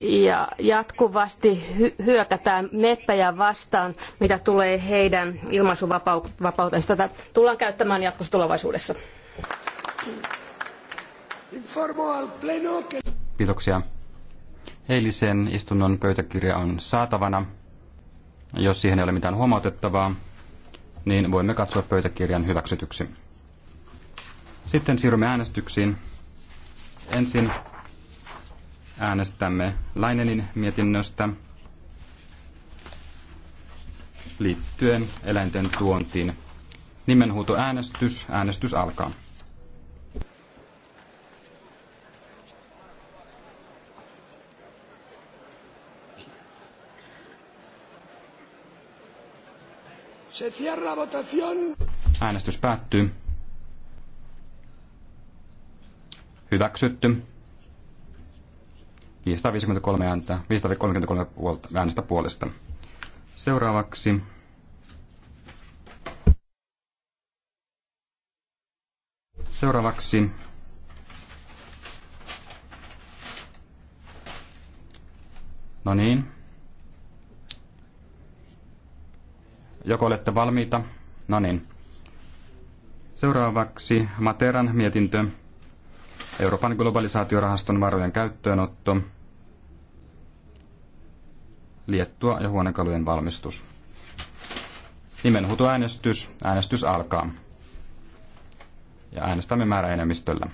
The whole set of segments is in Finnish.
ja jatkuvasti hy- hyökätään meppejä vastaan, mitä tulee heidän ilmaisuvapautensa. Tätä tullaan käyttämään jatkossa tulevaisuudessa. Kiitoksia. Eilisen istunnon pöytäkirja on saatavana. Jos siihen ei ole mitään huomautettavaa, niin voimme katsoa pöytäkirjan hyväksytyksi. Sitten siirrymme äänestyksiin. Ensin äänestämme Lainenin mietinnöstä liittyen eläinten tuontiin. äänestys. Äänestys alkaa. Se cierra votación. Äänestys päättyy. Hyväksytty. 553 ääntä, 533 puolta, äänestä puolesta. Seuraavaksi Seuraavaksi No niin. Joko olette valmiita? No niin. Seuraavaksi Materan mietintö. Euroopan globalisaatiorahaston varojen käyttöönotto liettua ja huonekalujen valmistus. Nimenhutuäänestys Äänestys alkaa. Ja äänestämme määräenemmistöllä.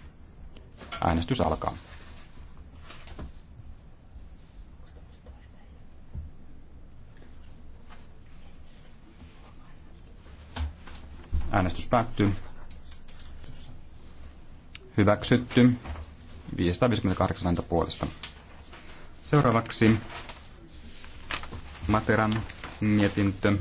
Äänestys alkaa. Äänestys päättyy. Hyväksytty. 558 puolesta. Seuraavaksi Materan mietintö.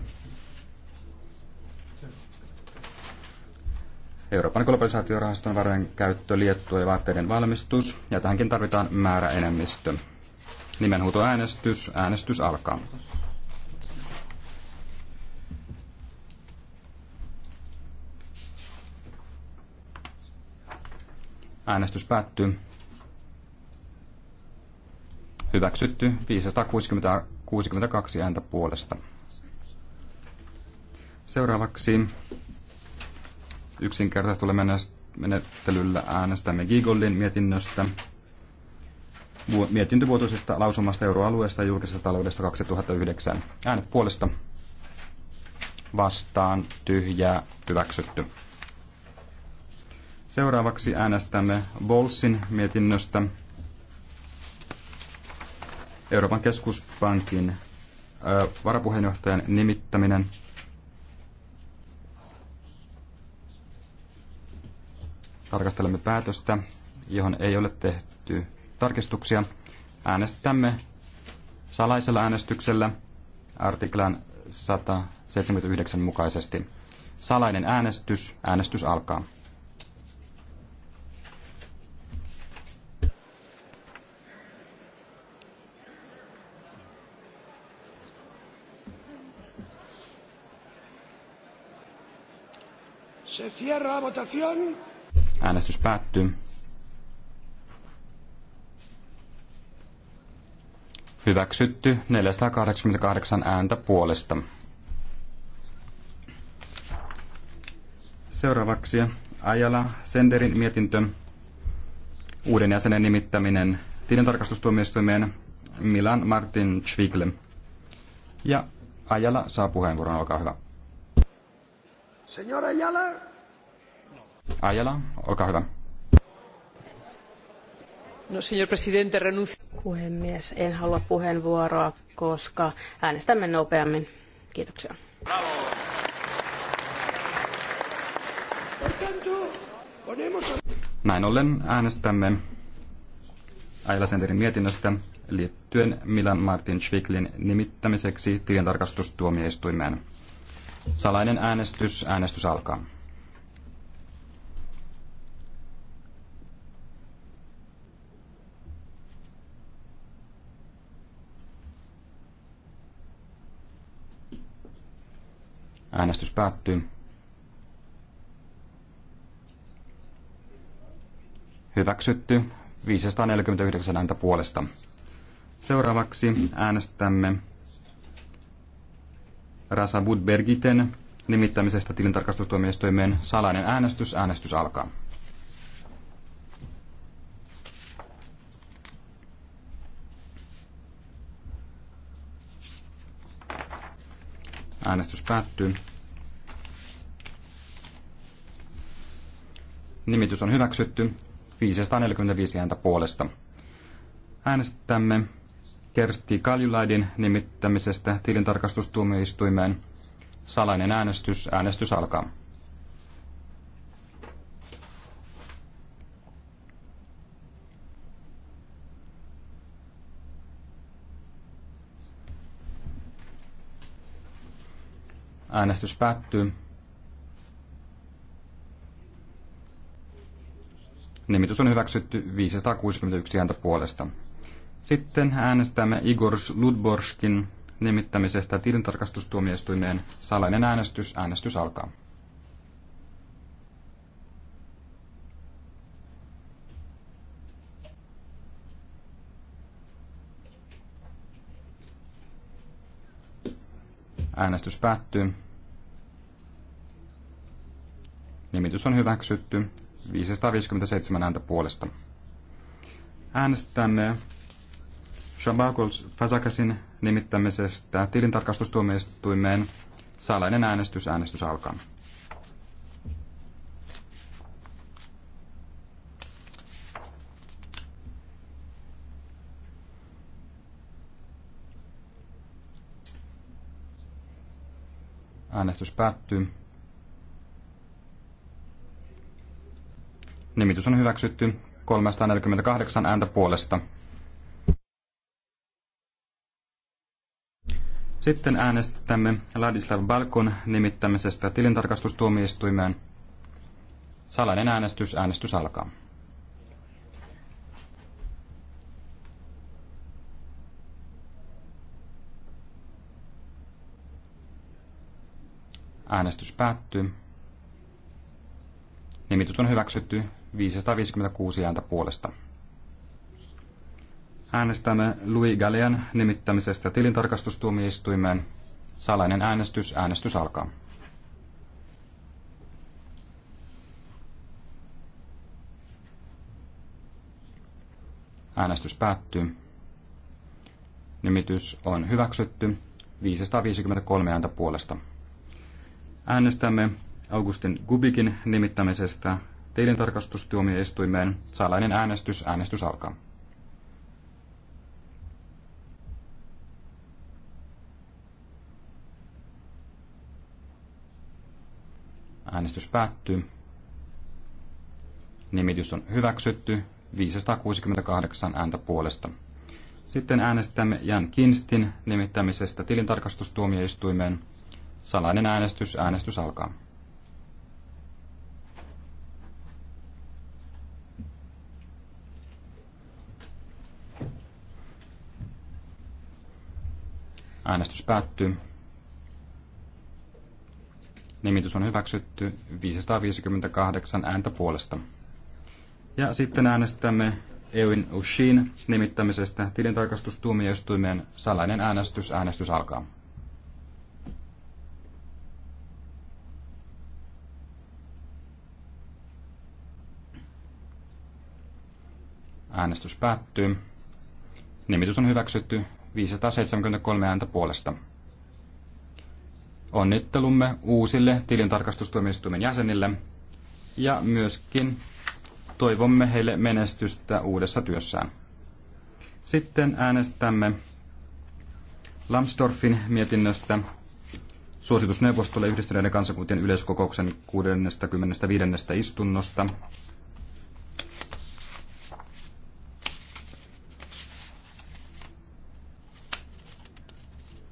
Euroopan globalisaatiorahaston varojen käyttö, liettua ja vaatteiden valmistus, ja tähänkin tarvitaan määräenemmistö. Nimenhuutoäänestys, äänestys alkaa. Äänestys päättyy. Hyväksytty 560 62 ääntä puolesta. Seuraavaksi yksinkertaistulle menettelyllä äänestämme Gigoldin mietinnöstä mietintövuotoisesta lausumasta euroalueesta ja julkisesta taloudesta 2009. Äänet puolesta vastaan tyhjää hyväksytty. Seuraavaksi äänestämme Bolsin mietinnöstä Euroopan keskuspankin varapuheenjohtajan nimittäminen. Tarkastelemme päätöstä, johon ei ole tehty tarkistuksia. Äänestämme salaisella äänestyksellä artiklan 179 mukaisesti. Salainen äänestys. Äänestys alkaa. Se cierra votación. Äänestys päättyy. Hyväksytty 488 ääntä puolesta. Seuraavaksi Ajala Senderin mietintö. Uuden jäsenen nimittäminen tilintarkastustuomioistuimeen Milan Martin Schwigle. Ja Ajala saa puheenvuoron, olkaa hyvä. Señora Ayala. Ayala, olkaa hyvä. No, señor presidente, renuncio. Puhemies, en halua puheenvuoroa, koska äänestämme nopeammin. Kiitoksia. Bravo. Näin ollen äänestämme Ayala Centerin mietinnöstä liittyen Milan Martin Schwiklin nimittämiseksi tilintarkastustuomioistuimeen. Salainen äänestys. Äänestys alkaa. Äänestys päättyy. Hyväksytty 549 ääntä puolesta. Seuraavaksi äänestämme Rasa Budbergiten nimittämisestä tilintarkastustuomioistuimeen salainen äänestys. Äänestys alkaa. Äänestys päättyy. Nimitys on hyväksytty 545 ääntä puolesta. Äänestämme Kersti Kaljulaidin nimittämisestä tilintarkastustuomioistuimeen. Salainen äänestys. Äänestys alkaa. Äänestys päättyy. Nimitys on hyväksytty 561 ääntä puolesta. Sitten äänestämme Igor Ludborskin nimittämisestä tilintarkastustuomioistuimeen. Salainen äänestys. Äänestys alkaa. Äänestys päättyy. Nimitys on hyväksytty 557 ääntä puolesta. Äänestämme Shabakul Fazakasin nimittämisestä tilintarkastustuomioistuimeen. Salainen äänestys. Äänestys alkaa. Äänestys päättyy. Nimitys on hyväksytty 348 ääntä puolesta. Sitten äänestämme Ladislav Balkon nimittämisestä tilintarkastustuomioistuimeen. Salainen äänestys. Äänestys alkaa. Äänestys päättyy. Nimitys on hyväksytty 556 ääntä puolesta. Äänestämme Louis Gallian nimittämisestä tilintarkastustuomioistuimeen. Salainen äänestys. Äänestys alkaa. Äänestys päättyy. Nimitys on hyväksytty 553 ääntä puolesta. Äänestämme Augustin Gubikin nimittämisestä tilintarkastustuomioistuimeen. Salainen äänestys. Äänestys alkaa. Äänestys päättyy. Nimitys on hyväksytty. 568 ääntä puolesta. Sitten äänestämme Jan Kinstin nimittämisestä tilintarkastustuomioistuimeen. Salainen äänestys. Äänestys alkaa. Äänestys päättyy. Nimitys on hyväksytty 558 ääntä puolesta. Ja sitten äänestämme Ewin Ushin nimittämisestä tilintarkastustuomioistuimeen salainen äänestys. Äänestys alkaa. Äänestys päättyy. Nimitys on hyväksytty 573 ääntä puolesta. Onnittelumme uusille tilintarkastustuomioistuimen jäsenille ja myöskin toivomme heille menestystä uudessa työssään. Sitten äänestämme Lambsdorffin mietinnöstä suositusneuvostolle yhdistyneiden kansakuntien yleiskokouksen 65. istunnosta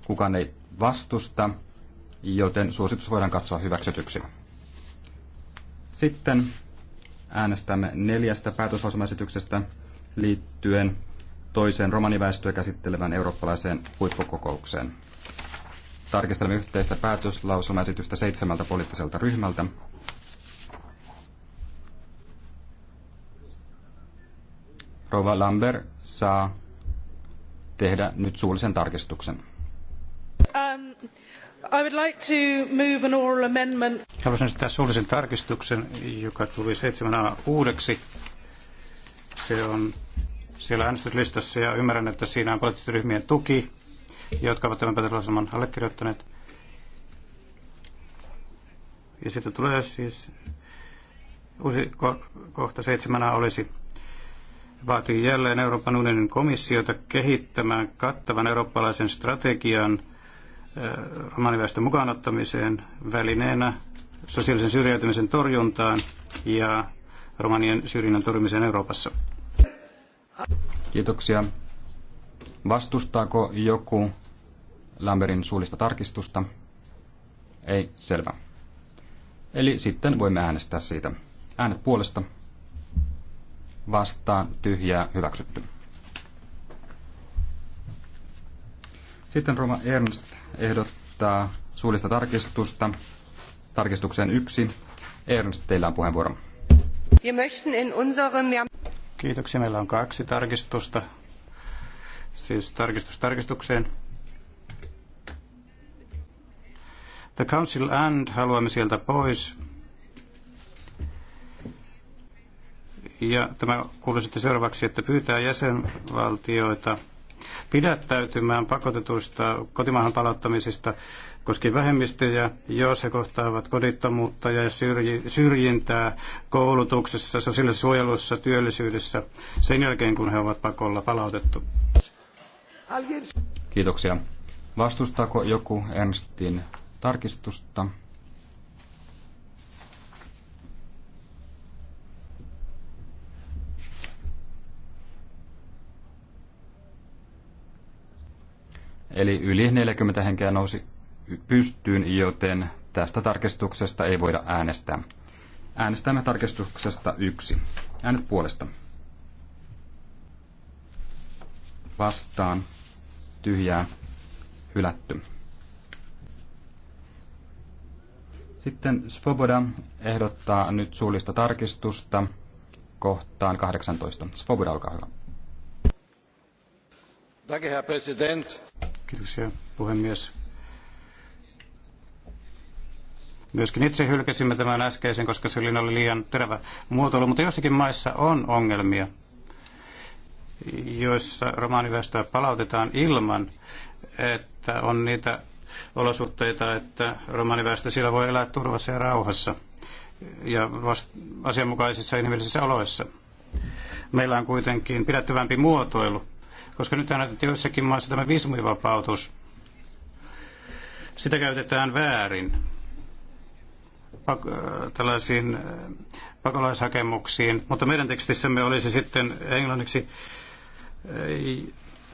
Kukaan ei vastusta, joten suositus voidaan katsoa hyväksytyksi. Sitten äänestämme neljästä päätöslausumaesityksestä liittyen toiseen romaniväestöä käsittelevän eurooppalaiseen huippukokoukseen. Tarkistelemme yhteistä päätöslauselmaesitystä seitsemältä poliittiselta ryhmältä. Rova Lambert saa tehdä nyt suullisen tarkistuksen. I would like to move an oral amendment. Haluaisin esittää suullisen tarkistuksen, joka tuli 7a uudeksi. Se on siellä äänestyslistassa ja ymmärrän, että siinä on poliittisten ryhmien tuki, jotka ovat tämän päätöslauselman allekirjoittaneet. Ja sitten tulee siis uusi ko- kohta seitsemänä olisi vaatii jälleen Euroopan unionin komissiota kehittämään kattavan eurooppalaisen strategian – Eh, romaniväestön mukaanottamiseen välineenä sosiaalisen syrjäytymisen torjuntaan ja romanien syrjinnän torjumiseen Euroopassa. Kiitoksia. Vastustaako joku Lamberin suullista tarkistusta? Ei, selvä. Eli sitten voimme äänestää siitä. Äänet puolesta, vastaan, tyhjää, hyväksytty. Sitten Roma Ernst ehdottaa suullista tarkistusta. Tarkistukseen yksi. Ernst, teillä on puheenvuoro. Kiitoksia. Meillä on kaksi tarkistusta. Siis tarkistus tarkistukseen. The Council and haluamme sieltä pois. Ja tämä kuuluu sitten seuraavaksi, että pyytää jäsenvaltioita pidättäytymään pakotetuista kotimaahan palauttamisista koskien vähemmistöjä, jos he kohtaavat kodittomuutta ja syrjintää koulutuksessa, sosiaalisessa suojelussa, työllisyydessä sen jälkeen, kun he ovat pakolla palautettu. Kiitoksia. Vastustaako joku Ernstin tarkistusta? Eli yli 40 henkeä nousi pystyyn, joten tästä tarkistuksesta ei voida äänestää. Äänestämme tarkistuksesta yksi. Äänet puolesta. Vastaan. Tyhjää. Hylätty. Sitten Svoboda ehdottaa nyt suullista tarkistusta kohtaan 18. Svoboda, olkaa hyvä. Danke, Herr Präsident. Kiitoksia puhemies. Myöskin itse hylkäsimme tämän äskeisen, koska se oli liian terävä muotoilu, mutta jossakin maissa on ongelmia, joissa romaaniväestöä palautetaan ilman, että on niitä olosuhteita, että romaaniväestö siellä voi elää turvassa ja rauhassa ja vast- asianmukaisissa inhimillisissä oloissa. Meillä on kuitenkin pidättyvämpi muotoilu koska nyt on joissakin maissa tämä visumivapautus, sitä käytetään väärin äh, tällaisiin äh, pakolaishakemuksiin, mutta meidän tekstissämme olisi sitten englanniksi äh,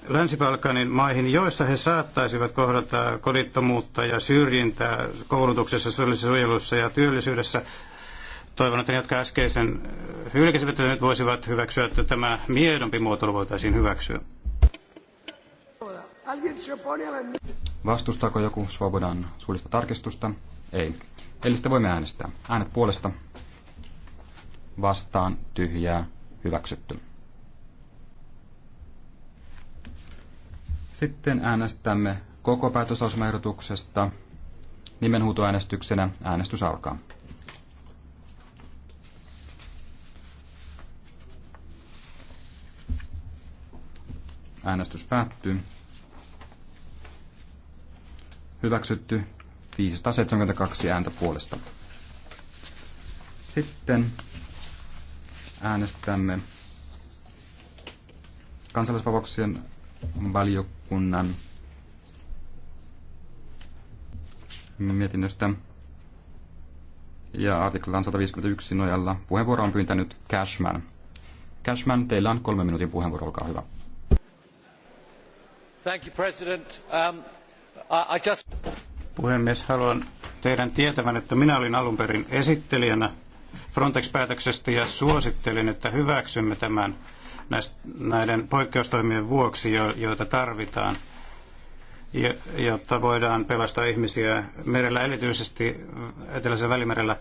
Länsi-Balkanin maihin, joissa he saattaisivat kohdata kodittomuutta ja syrjintää koulutuksessa, sosiaalisessa suojelussa ja työllisyydessä. Toivon, että ne, jotka äskeisen hylkäsivät, että nyt voisivat hyväksyä, että tämä miedompi muotoilu voitaisiin hyväksyä. Vastustaako joku Svobodan suullista tarkistusta? Ei. Eli sitten voimme äänestää. Äänet puolesta vastaan tyhjää hyväksytty. Sitten äänestämme koko päätöslausumaehdotuksesta nimenhuutoäänestyksenä. Äänestys alkaa. Äänestys päättyy hyväksytty 572 ääntä puolesta. Sitten äänestämme kansallisvapauksien valiokunnan mietinnöstä ja artiklan 151 nojalla puheenvuoro on pyytänyt Cashman. Cashman, teillä on kolme minuutin puheenvuoro, olkaa hyvä. Thank you, President. Um... Puhemies, haluan teidän tietävän, että minä olin alun perin esittelijänä Frontex-päätöksestä ja suosittelin, että hyväksymme tämän näiden poikkeustoimien vuoksi, joita tarvitaan, jotta voidaan pelastaa ihmisiä merellä, erityisesti Eteläisellä välimerellä.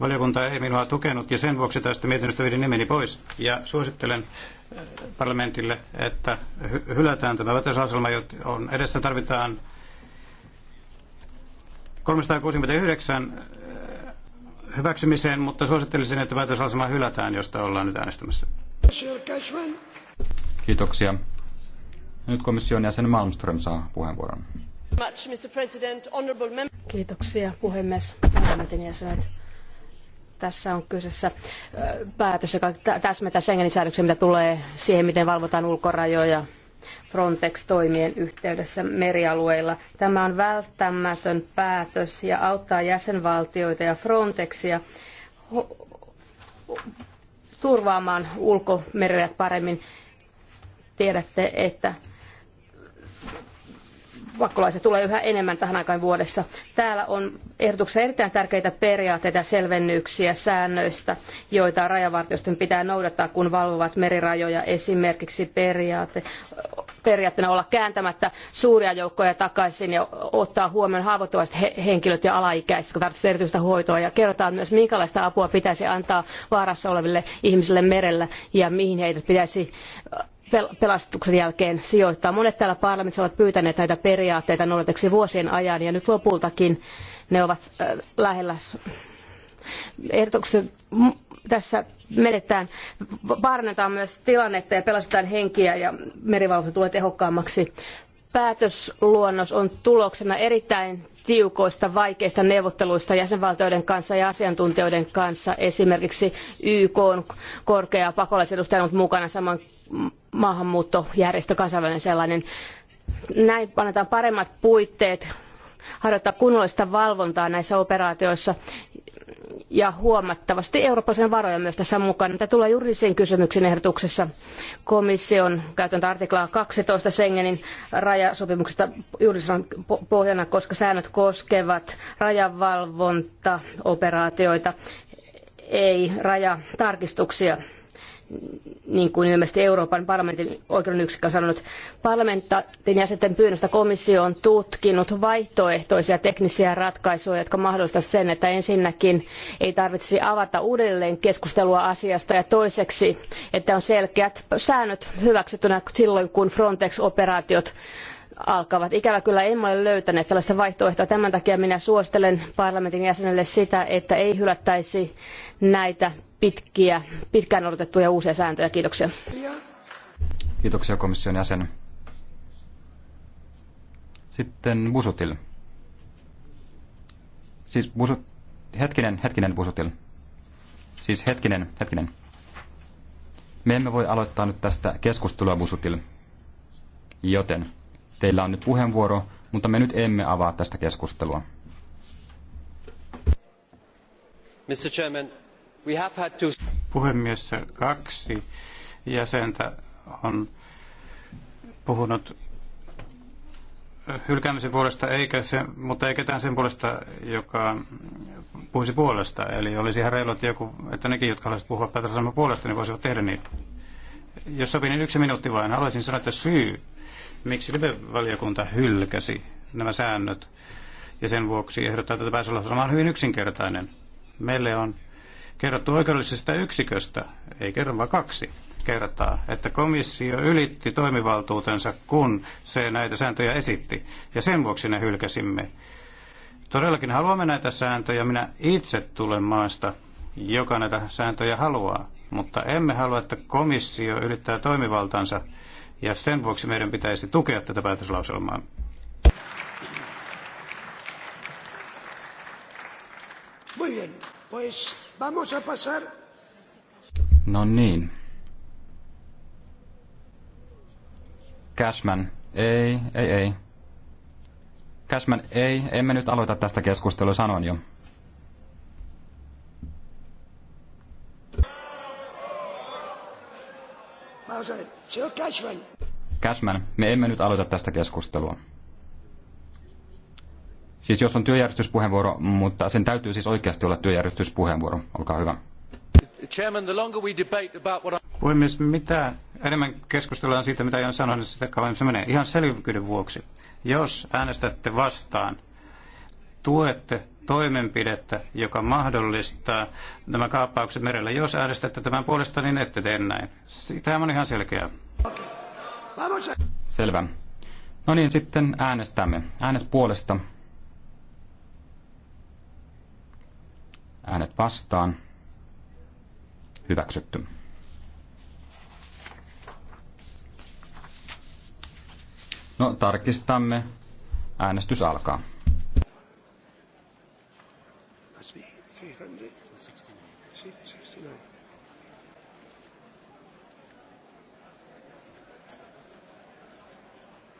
Valiokunta ei minua tukenut ja sen vuoksi tästä mietinnöstä vidin nimeni pois. Ja suosittelen eh, parlamentille, että hylätään tämä päätösaselma, jota on edessä tarvitaan 369 äh, hyväksymiseen, mutta suosittelisin, että päätösasema hylätään, josta ollaan nyt äänestämässä. Kiitoksia. Nyt komission jäsen Malmström saa puheenvuoron. Kiitoksia puhemies, parlamentin jäsenet. Tässä on kyseessä äh, päätös, joka täsmentää Schengenin säädöksen, mitä tulee siihen, miten valvotaan ulkorajoja Frontex-toimien yhteydessä merialueilla. Tämä on välttämätön päätös ja auttaa jäsenvaltioita ja Frontexia turvaamaan ulkomerelle paremmin. Tiedätte, että pakkolaisia tulee yhä enemmän tähän aikaan vuodessa. Täällä on ehdotuksessa erittäin tärkeitä periaatteita ja selvennyksiä säännöistä, joita rajavartioston pitää noudattaa, kun valvovat merirajoja. Esimerkiksi periaate, periaatteena olla kääntämättä suuria joukkoja takaisin ja ottaa huomioon haavoittuvaiset henkilöt ja alaikäiset, jotka tarvitsevat erityistä hoitoa. Ja kerrotaan myös, minkälaista apua pitäisi antaa vaarassa oleville ihmisille merellä ja mihin heidät pitäisi pelastuksen jälkeen sijoittaa. Monet täällä parlamentissa ovat pyytäneet näitä periaatteita noudateksi vuosien ajan ja nyt lopultakin ne ovat lähellä ehdotukset tässä menetään, parannetaan myös tilannetta ja pelastetaan henkiä ja merivalvonta tulee tehokkaammaksi. Päätösluonnos on tuloksena erittäin tiukoista, vaikeista neuvotteluista jäsenvaltioiden kanssa ja asiantuntijoiden kanssa. Esimerkiksi YK on korkea pakolaisedustaja on mukana saman maahanmuuttojärjestö, kansainvälinen sellainen. Näin annetaan paremmat puitteet harjoittaa kunnollista valvontaa näissä operaatioissa ja huomattavasti eurooppalaisen varoja myös tässä mukana. Mitä tulee juridisiin kysymyksiin ehdotuksessa komission käytäntö artiklaa 12 Schengenin rajasopimuksesta juridisena pohjana, koska säännöt koskevat rajavalvontaoperaatioita, ei rajatarkistuksia niin kuin ilmeisesti Euroopan parlamentin oikeuden yksikkö on sanonut, parlamentin jäsenten pyynnöstä komissio on tutkinut vaihtoehtoisia teknisiä ratkaisuja, jotka mahdollistavat sen, että ensinnäkin ei tarvitsisi avata uudelleen keskustelua asiasta ja toiseksi, että on selkeät säännöt hyväksyttynä silloin, kun Frontex-operaatiot alkavat. Ikävä kyllä emme ole löytäneet tällaista vaihtoehtoa. Tämän takia minä suosittelen parlamentin jäsenelle sitä, että ei hylättäisi näitä pitkiä, pitkään odotettuja uusia sääntöjä. Kiitoksia. Kiitoksia komission jäsen. Sitten Busutil. Siis busu. Hetkinen, hetkinen Busutil. Siis hetkinen, hetkinen. Me emme voi aloittaa nyt tästä keskustelua Busutil. Joten teillä on nyt puheenvuoro, mutta me nyt emme avaa tästä keskustelua. Mr. Chairman, Puhemies, kaksi jäsentä on puhunut hylkäämisen puolesta, eikä se, mutta ei ketään sen puolesta, joka puhuisi puolesta. Eli olisi ihan reilu, että, joku, että nekin, jotka haluaisivat puhua Petrasalman puolesta, niin voisivat tehdä niin. Jos sopii, niin yksi minuutti vain. Haluaisin sanoa, että syy, miksi libe valiokunta hylkäsi nämä säännöt, ja sen vuoksi ehdottaa tätä pääsolauselmaa on hyvin yksinkertainen. Meille on kerrottu oikeudellisesta yksiköstä, ei kerran vaan kaksi kertaa, että komissio ylitti toimivaltuutensa, kun se näitä sääntöjä esitti. Ja sen vuoksi ne hylkäsimme. Todellakin haluamme näitä sääntöjä. Minä itse tulen maasta, joka näitä sääntöjä haluaa. Mutta emme halua, että komissio ylittää toimivaltansa. Ja sen vuoksi meidän pitäisi tukea tätä päätöslauselmaa. Muy bien, pues Vamos a pasar. No niin. Cashman. Ei, ei, ei. Cashman, ei. Emme nyt aloita tästä keskustelua, sanon jo. Cashman. me emme nyt aloita tästä keskustelua. Siis jos on työjärjestyspuheenvuoro, mutta sen täytyy siis oikeasti olla työjärjestyspuheenvuoro. Olkaa hyvä. Puhemies, mitä enemmän keskustellaan siitä, mitä Jan sanoin, niin sitä kauemmin se menee. Ihan selvyyden vuoksi. Jos äänestätte vastaan, tuette toimenpidettä, joka mahdollistaa nämä kaappaukset merellä. Jos äänestätte tämän puolesta, niin ette tee näin. Tämä on ihan selkeää. Selvä. No niin, sitten äänestämme. Äänet puolesta äänet vastaan, hyväksytty. No, tarkistamme. Äänestys alkaa.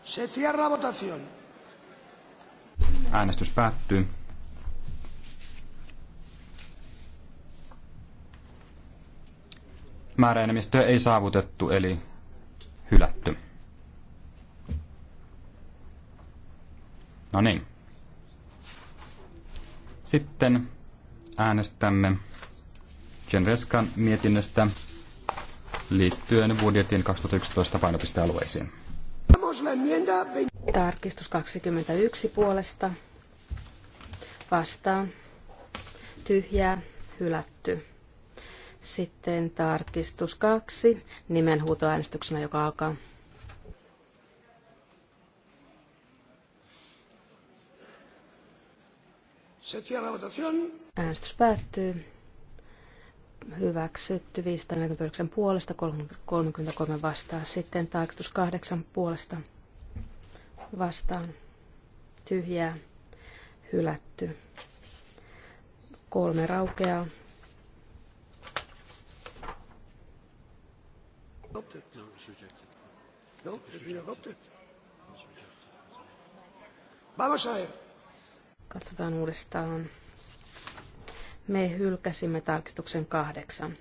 Se cierra votación. Äänestys päättyy. määräenemmistöä ei saavutettu, eli hylätty. No niin. Sitten äänestämme Genreskan mietinnöstä liittyen budjetin 2011 painopistealueisiin. Tarkistus 21 puolesta. Vastaan. Tyhjää. Hylätty. Sitten tarkistus kaksi nimenhuutoäänestyksenä, joka alkaa. Äänestys päättyy. Hyväksytty 549 puolesta, 33 vastaan. Sitten tarkistus 8 puolesta vastaan. Tyhjää. Hylätty. Kolme raukeaa. adopted. No, rejected. Vamos a ver. Katsotaan uudestaan. Me hylkäsimme tarkistuksen kahdeksan.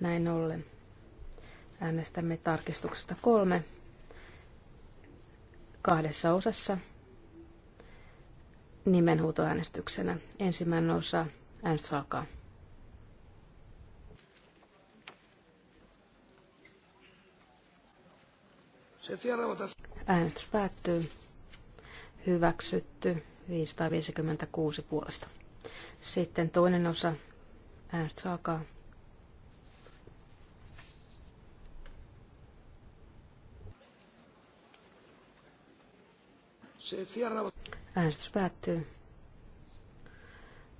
Näin ollen äänestämme tarkistuksesta kolme kahdessa osassa nimenhuutoäänestyksenä. Ensimmäinen osa äänestys alkaa. Äänestys päättyy. Hyväksytty 556 puolesta. Sitten toinen osa. Äänestys alkaa. Äänestys päättyy.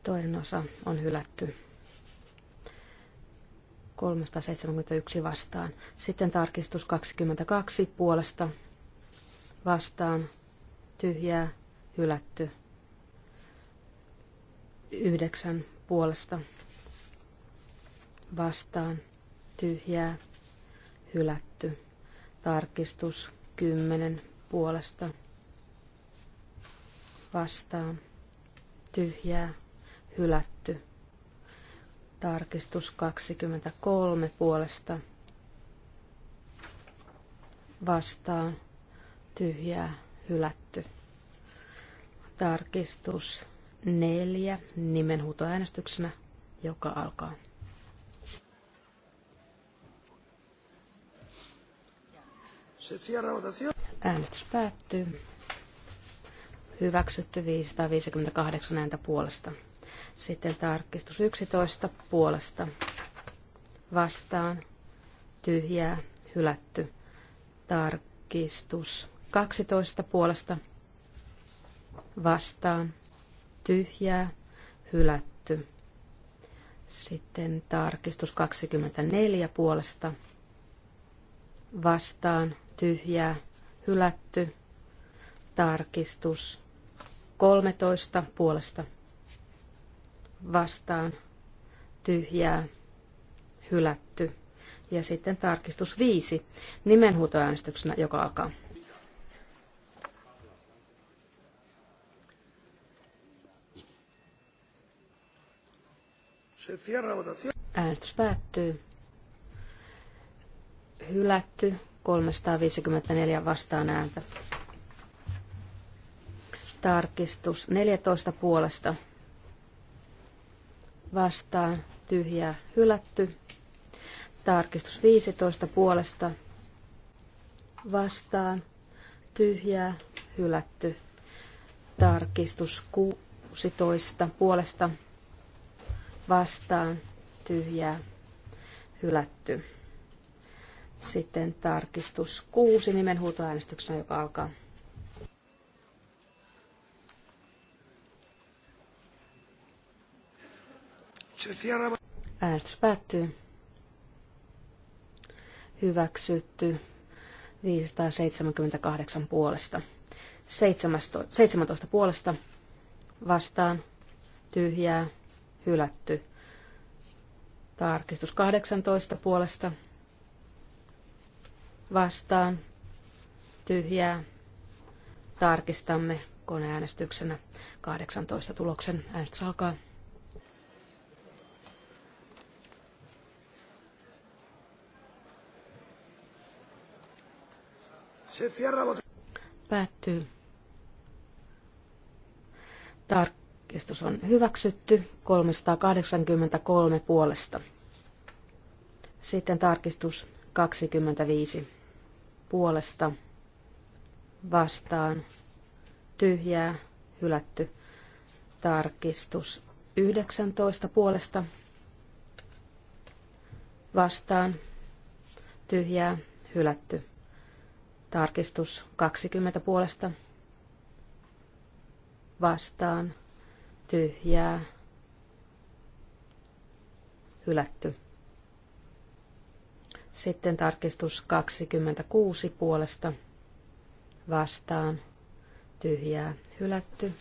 Toinen osa on hylätty. 371 vastaan. Sitten tarkistus 22 puolesta vastaan. Tyhjää, hylätty. 9 puolesta vastaan. Tyhjää, hylätty. Tarkistus 10 puolesta vastaan. Tyhjää, hylätty Tarkistus 23 puolesta vastaan tyhjää hylätty. Tarkistus 4 nimenhuutoäänestyksenä, joka alkaa. Äänestys päättyy. Hyväksytty 558 ääntä puolesta. Sitten tarkistus 11 puolesta vastaan tyhjää hylätty. Tarkistus 12 puolesta vastaan tyhjää hylätty. Sitten tarkistus 24 puolesta vastaan tyhjää hylätty. Tarkistus 13 puolesta vastaan tyhjää hylätty. Ja sitten tarkistus 5 nimenhuutoäänestyksenä, joka alkaa. Äänestys päättyy. Hylätty 354 vastaan ääntä. Tarkistus 14 puolesta vastaan tyhjää hylätty. Tarkistus 15 puolesta vastaan tyhjää hylätty. Tarkistus 16 puolesta vastaan tyhjää hylätty. Sitten tarkistus 6 nimenhuutoäänestyksenä, joka alkaa. Äänestys päättyy. Hyväksytty 578 puolesta. 17, puolesta vastaan tyhjää hylätty. Tarkistus 18 puolesta vastaan tyhjää. Tarkistamme koneäänestyksenä 18 tuloksen. Äänestys alkaa. Päättyy. Tarkistus on hyväksytty 383 puolesta. Sitten tarkistus 25 puolesta vastaan tyhjää hylätty tarkistus 19 puolesta vastaan tyhjää hylätty Tarkistus 20 puolesta vastaan tyhjää hylätty. Sitten tarkistus 26 puolesta vastaan tyhjää hylätty.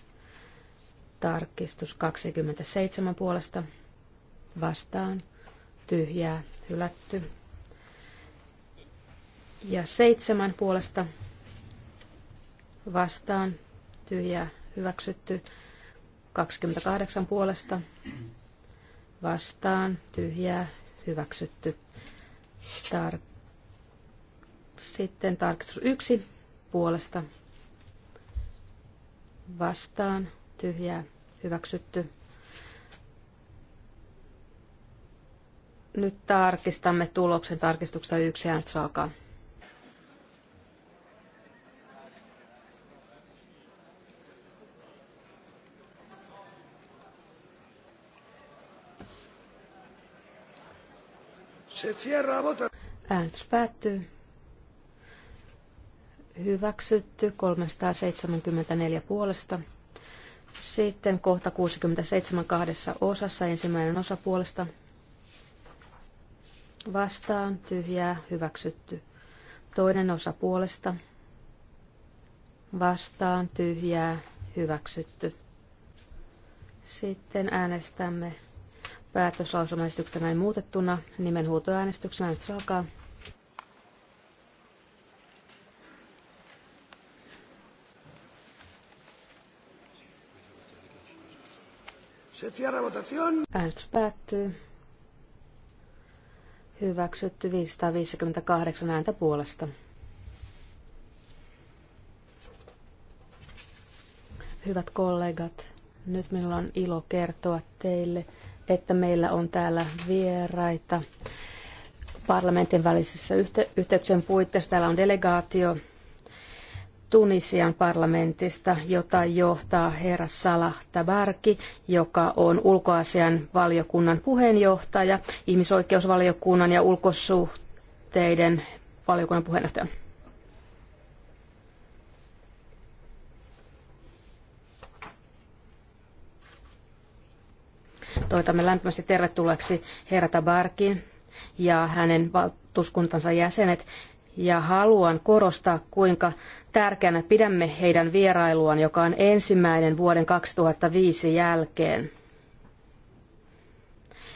Tarkistus 27 puolesta vastaan tyhjää hylätty ja seitsemän puolesta vastaan tyhjää hyväksytty 28 puolesta vastaan tyhjää hyväksytty. Tar- Sitten tarkistus 1 puolesta vastaan tyhjää hyväksytty. Nyt tarkistamme tuloksen tarkistuksesta yksi äänestys alkaa. Äänestys päättyy. Hyväksytty 374 puolesta. Sitten kohta 67 kahdessa osassa ensimmäinen osa puolesta. Vastaan tyhjää hyväksytty. Toinen osa puolesta. Vastaan tyhjää hyväksytty. Sitten äänestämme päätöslausumaesityksestä näin muutettuna. Nimen huutoäänestyksen äänestys alkaa. Se Äänestys päättyy. Hyväksytty 558 ääntä puolesta. Hyvät kollegat, nyt minulla on ilo kertoa teille, että meillä on täällä vieraita parlamentin välisessä yhte- yhteyksien puitteissa. Täällä on delegaatio Tunisian parlamentista, jota johtaa herra Salah Tabarki, joka on ulkoasian valiokunnan puheenjohtaja, ihmisoikeusvaliokunnan ja ulkosuhteiden valiokunnan puheenjohtaja. Toitamme lämpimästi tervetulleeksi herra Tabarkin ja hänen valtuuskuntansa jäsenet. Ja haluan korostaa, kuinka tärkeänä pidämme heidän vierailuaan, joka on ensimmäinen vuoden 2005 jälkeen.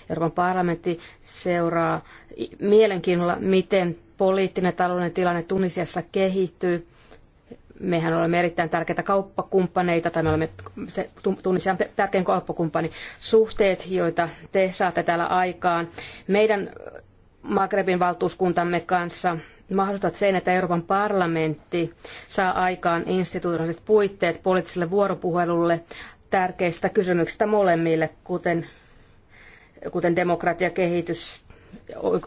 Euroopan parlamentti seuraa mielenkiinnolla, miten poliittinen ja taloudellinen tilanne Tunisiassa kehittyy mehän olemme erittäin tärkeitä kauppakumppaneita, tai me olemme se Tunisian tärkein kauppakumppani. Suhteet, joita te saatte täällä aikaan meidän Magrebin valtuuskuntamme kanssa, mahdollistat sen, että Euroopan parlamentti saa aikaan institutionaaliset puitteet poliittiselle vuoropuhelulle tärkeistä kysymyksistä molemmille, kuten, kuten demokratiakehitys,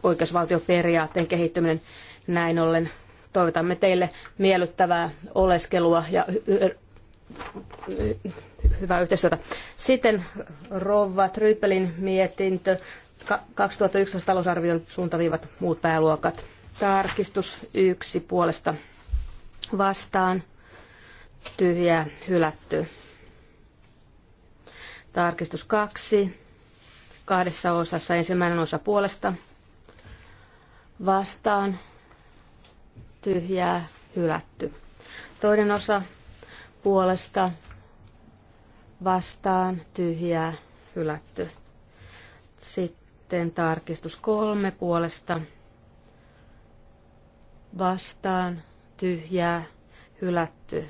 oikeusvaltioperiaatteen kehittyminen näin ollen Toivotamme teille miellyttävää oleskelua ja hyvää yhteistyötä. Sitten Rova Tryppelin mietintö, 2011 talousarvion suuntaviivat muut pääluokat. Tarkistus yksi puolesta vastaan, tyhjää hylätty. Tarkistus kaksi, kahdessa osassa ensimmäinen osa puolesta vastaan, tyhjää, hylätty. Toinen osa puolesta vastaan, tyhjää, hylätty. Sitten tarkistus kolme puolesta vastaan, tyhjää, hylätty.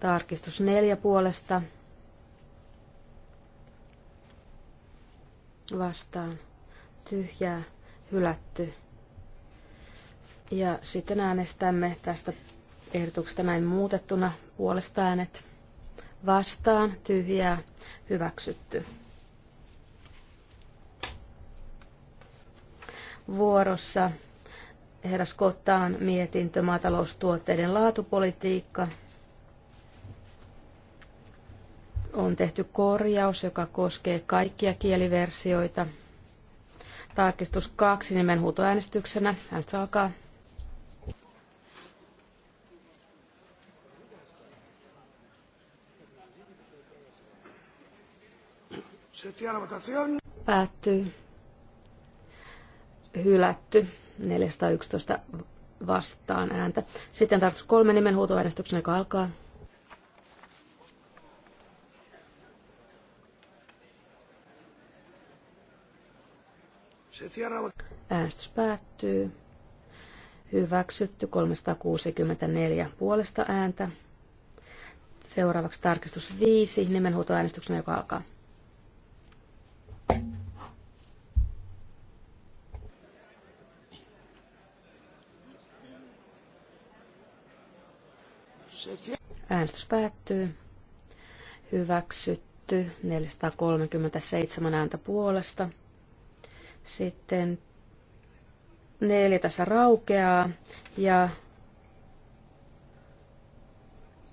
Tarkistus neljä puolesta vastaan, tyhjää, hylätty. Ja sitten äänestämme tästä ehdotuksesta näin muutettuna puolesta äänet vastaan, tyhjää, hyväksytty. Vuorossa herra Skottaan mietintö maataloustuotteiden laatupolitiikka. On tehty korjaus, joka koskee kaikkia kieliversioita. Tarkistus kaksi nimenhuutoäänestyksenä. Äänestys alkaa. Päättyy. Hylätty. 411 vastaan ääntä. Sitten tarkoitus kolme nimen huutoäänestyksen, joka alkaa. Äänestys päättyy. Hyväksytty 364 puolesta ääntä. Seuraavaksi tarkistus 5 nimenhuutoäänestyksen, joka alkaa. Äänestys päättyy. Hyväksytty 437 ääntä puolesta. Sitten neljä tässä raukeaa ja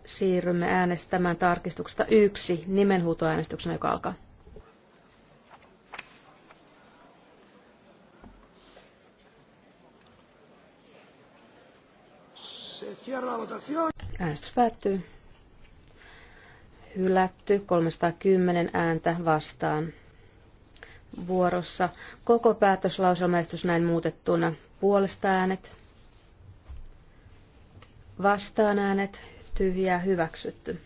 siirrymme äänestämään tarkistuksesta yksi nimenhuutoäänestyksenä, joka alkaa. Äänestys päättyy. Hylätty 310 ääntä vastaan. Vuorossa koko päätöslauselmaistus näin muutettuna. Puolesta äänet. Vastaan äänet. Tyhjää hyväksytty.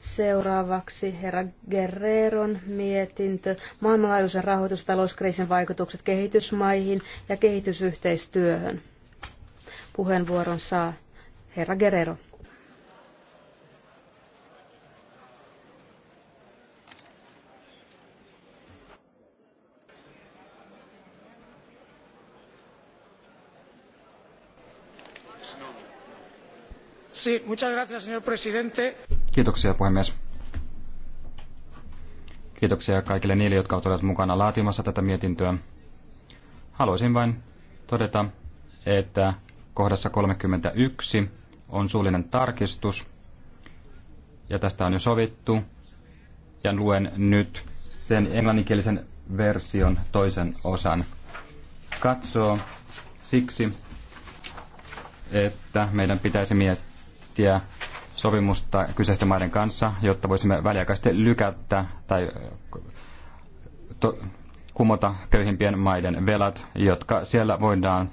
Seuraavaksi herra Guerreron mietintö. Maailmanlaajuisen rahoitustalouskriisin vaikutukset kehitysmaihin ja kehitysyhteistyöhön. Puheenvuoron saa herra Guerrero. señor presidente. Kiitoksia, puhemies. Kiitoksia kaikille niille, jotka ovat olleet mukana laatimassa tätä mietintöä. Haluaisin vain todeta, että kohdassa 31 on suullinen tarkistus, ja tästä on jo sovittu, ja luen nyt sen englanninkielisen version toisen osan. Katsoo siksi, että meidän pitäisi miettiä, miettiä sopimusta kyseisten maiden kanssa, jotta voisimme väliaikaisesti lykätä tai to, kumota köyhimpien maiden velat, jotka siellä voidaan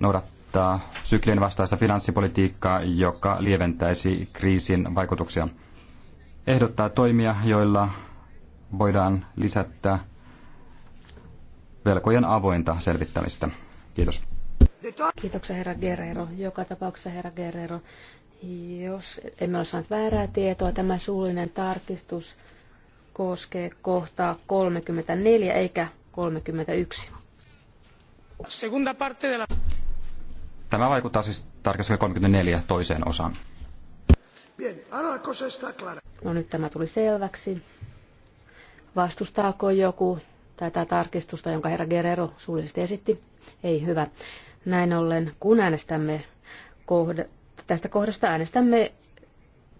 noudattaa syklien vastaista finanssipolitiikkaa, joka lieventäisi kriisin vaikutuksia. Ehdottaa toimia, joilla voidaan lisätä velkojen avointa selvittämistä. Kiitos. Kiitoksia herra Guerrero. Joka tapauksessa herra Guerrero, jos emme ole saaneet väärää tietoa, tämä suullinen tarkistus koskee kohtaa 34 eikä 31. Tämä vaikuttaa siis tarkistuksen 34 toiseen osaan. No nyt tämä tuli selväksi. Vastustaako joku tätä tarkistusta, jonka herra Guerrero suullisesti esitti? Ei hyvä. Näin ollen, kun äänestämme tästä kohdasta äänestämme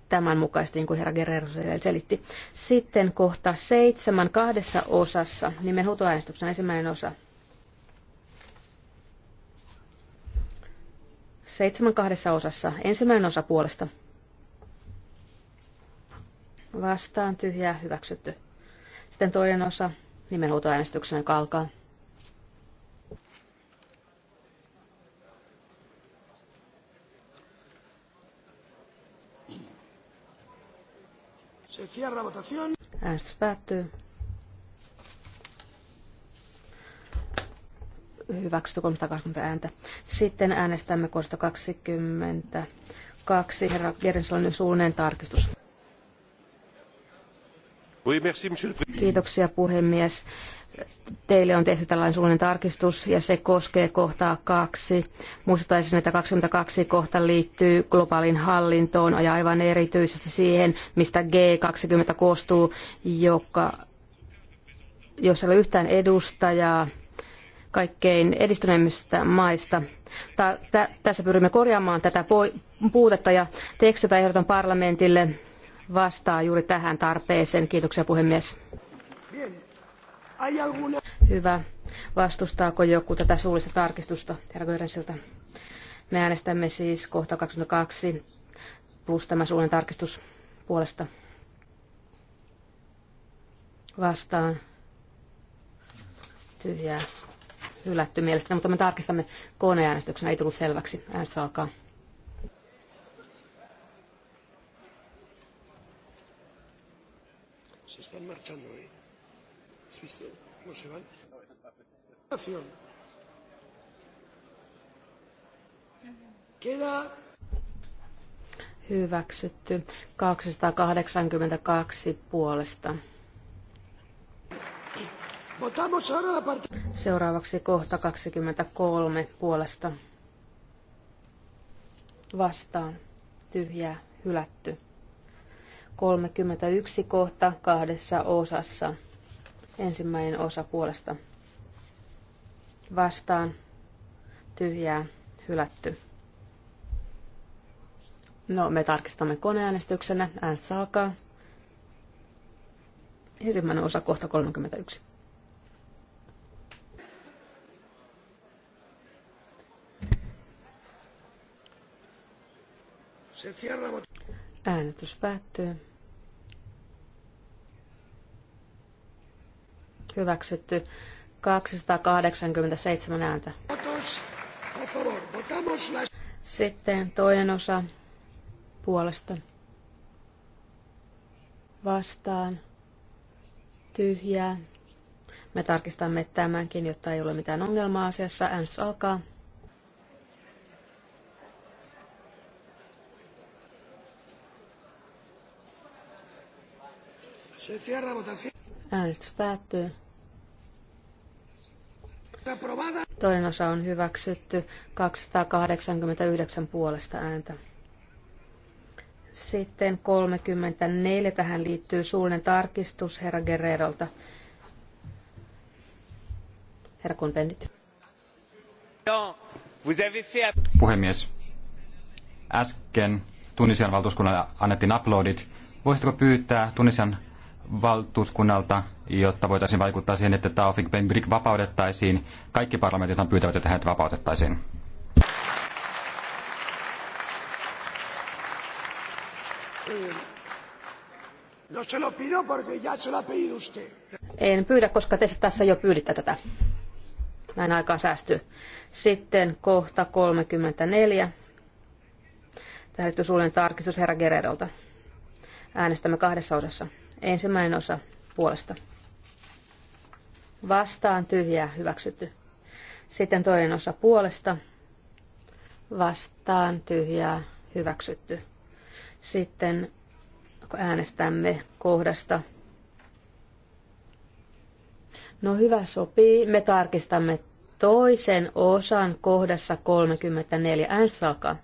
tämän mukaisesti, niin kuin herra Guerrero selitti. Sitten kohta seitsemän kahdessa osassa, nimen huutoäänestyksen ensimmäinen osa. Seitsemän kahdessa osassa. Ensimmäinen osa puolesta. Vastaan tyhjää hyväksytty. Sitten toinen osa nimenhuutoäänestyksen kalkaa. Se cierra votación. Äänestys päättyy. Hyväksytty 320 ääntä. Sitten äänestämme kohdasta 22. Herra Gerensonin suullinen tarkistus. Kiitoksia puhemies. Teille on tehty tällainen suullinen tarkistus ja se koskee kohtaa kaksi. Muistuttaisin, että 22 kohta liittyy globaalin hallintoon ja aivan erityisesti siihen, mistä G20 koostuu, joka, jos ei ole yhtään edustajaa kaikkein edistyneimmistä maista. tässä pyrimme korjaamaan tätä puutetta ja tekstiä ehdotan parlamentille vastaa juuri tähän tarpeeseen. Kiitoksia puhemies. Hyvä. Vastustaako joku tätä suullista tarkistusta? Herra Görensiltä. Me äänestämme siis kohta 22 plus tämä suullinen tarkistus puolesta vastaan. Tyhjää hylätty mielestäni, mutta me tarkistamme koneäänestyksenä, ei tullut selväksi. Äänestys alkaa. están marchando, ¿eh? ¿Has visto cómo se van? Queda. Hyväksytty. 282 puolesta. Seuraavaksi kohta 23 puolesta. Vastaan. Tyhjää. Hylätty. 31 kohta kahdessa osassa. Ensimmäinen osa puolesta vastaan tyhjää hylätty. No, me tarkistamme koneäänestyksenä. Äänestys alkaa. Ensimmäinen osa kohta 31. Se cierra Äänestys päättyy. Hyväksytty 287 ääntä. Sitten toinen osa puolesta. Vastaan. Tyhjää. Me tarkistamme tämänkin, jotta ei ole mitään ongelmaa asiassa. Äänestys alkaa. Äänestys päättyy. Toinen osa on hyväksytty 289 puolesta ääntä. Sitten 34. Tähän liittyy suullinen tarkistus herra Guerrerolta. Herra Kunpendit. No, Puhemies, äsken Tunisian valtuuskunnalle annettiin uploadit. Voisitko pyytää Tunisian valtuuskunnalta, jotta voitaisiin vaikuttaa siihen, että Taufik Ben Brik vapautettaisiin. Kaikki parlamentit pyytävät, että hänet vapautettaisiin. Eh, no en pyydä, koska te tässä jo pyyditte tätä. Näin aikaa säästyy. Sitten kohta 34. Täytyy suullinen tarkistus herra Gererolta. Äänestämme kahdessa osassa. Ensimmäinen osa puolesta. Vastaan tyhjää hyväksytty. Sitten toinen osa puolesta. Vastaan tyhjää hyväksytty. Sitten äänestämme kohdasta. No hyvä sopii. Me tarkistamme toisen osan kohdassa 34. Äänestys alkaa.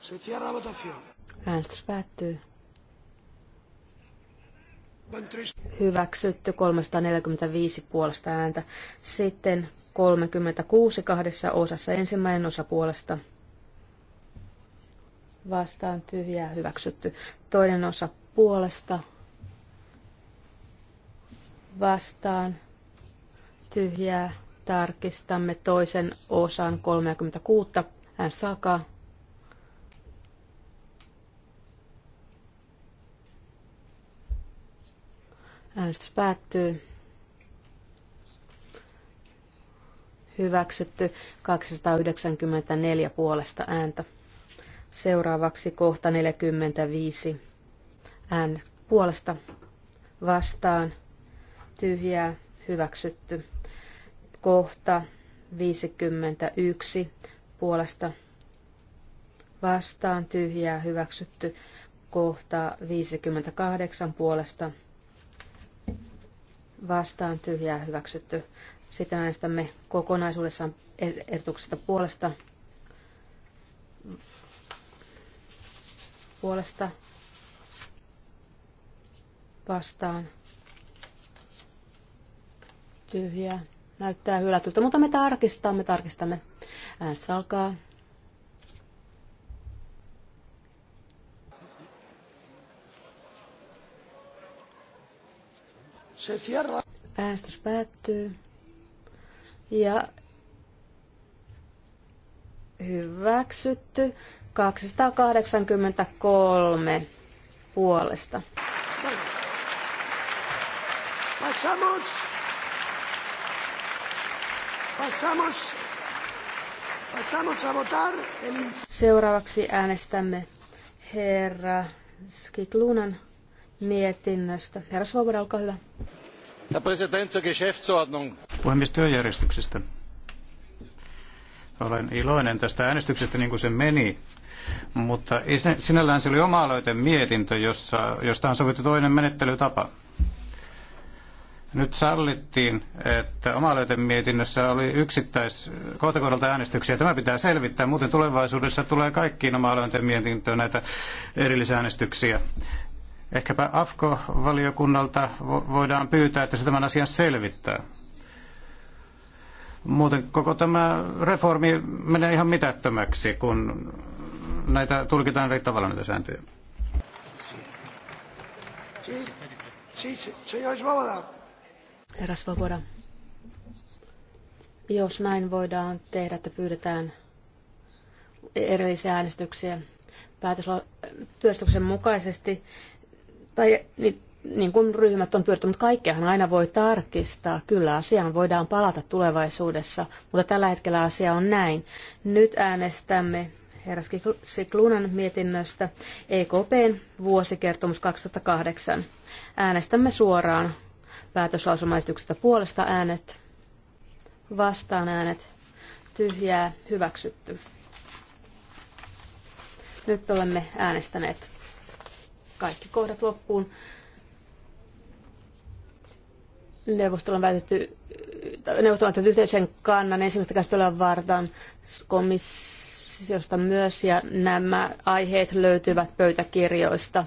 Se cierra votación. Äänestys päättyy. Hyväksytty 345 puolesta ääntä. Sitten 36 kahdessa osassa. Ensimmäinen osa puolesta vastaan tyhjää hyväksytty. Toinen osa puolesta vastaan tyhjää. Tarkistamme toisen osan 36. Hän sakaa. Äänestys päättyy. Hyväksytty 294 puolesta ääntä. Seuraavaksi kohta 45. Ään puolesta vastaan tyhjää hyväksytty. Kohta 51 puolesta vastaan tyhjää hyväksytty. Kohta 58 puolesta vastaan tyhjää hyväksytty. Sitten äänestämme kokonaisuudessaan ehdotuksesta puolesta. Puolesta vastaan tyhjää. Näyttää hylätyltä, mutta me tarkistamme, tarkistamme. Äänestys alkaa. Se Äänestys päättyy. Ja hyväksytty 283 puolesta. Pasamos. Pasamos. Pasamos a votar el... Seuraavaksi äänestämme herra Skiklunan mietinnöstä. Herra Svoboda, olkaa hyvä. Puhemies työjärjestyksestä. Olen iloinen tästä äänestyksestä niin kuin se meni, mutta sinällään se oli oma aloite mietintö, jossa, josta on sovittu toinen menettelytapa. Nyt sallittiin, että oma mietinnössä oli yksittäis kohtakohdalta äänestyksiä. Tämä pitää selvittää, muuten tulevaisuudessa tulee kaikkiin oma mietintöön näitä erillisäänestyksiä. Ehkäpä AFKO-valiokunnalta voidaan pyytää, että se tämän asian selvittää. Muuten koko tämä reformi menee ihan mitättömäksi, kun näitä tulkitaan eri tavalla näitä sääntöjä. Herra Svoboda, jos näin voidaan tehdä, että pyydetään erillisiä äänestyksiä päätöstyöstyksen mukaisesti, tai niin, niin kuin ryhmät on pyörtynyt, kaikkeahan aina voi tarkistaa. Kyllä asiaan voidaan palata tulevaisuudessa, mutta tällä hetkellä asia on näin. Nyt äänestämme herra Siklunan mietinnöstä EKPn vuosikertomus 2008. Äänestämme suoraan päätöslausumaisityksestä puolesta äänet, vastaan äänet, tyhjää, hyväksytty. Nyt olemme äänestäneet kaikki kohdat loppuun. Neuvostolla on väitetty, neuvostolla on tehty yhteisen kannan ensimmäistä käsittelyä vartan komissiosta myös, ja nämä aiheet löytyvät pöytäkirjoista.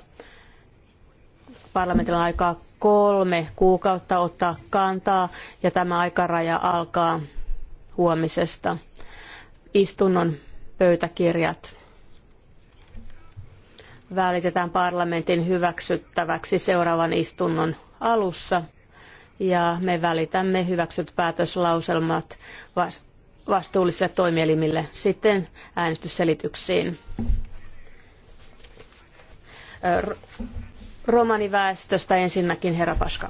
Parlamentilla on aikaa kolme kuukautta ottaa kantaa, ja tämä aikaraja alkaa huomisesta. Istunnon pöytäkirjat välitetään parlamentin hyväksyttäväksi seuraavan istunnon alussa ja me välitämme hyväksyt päätöslauselmat vastuullisille toimielimille sitten äänestysselityksiin. Romaniväestöstä ensinnäkin herra Paska.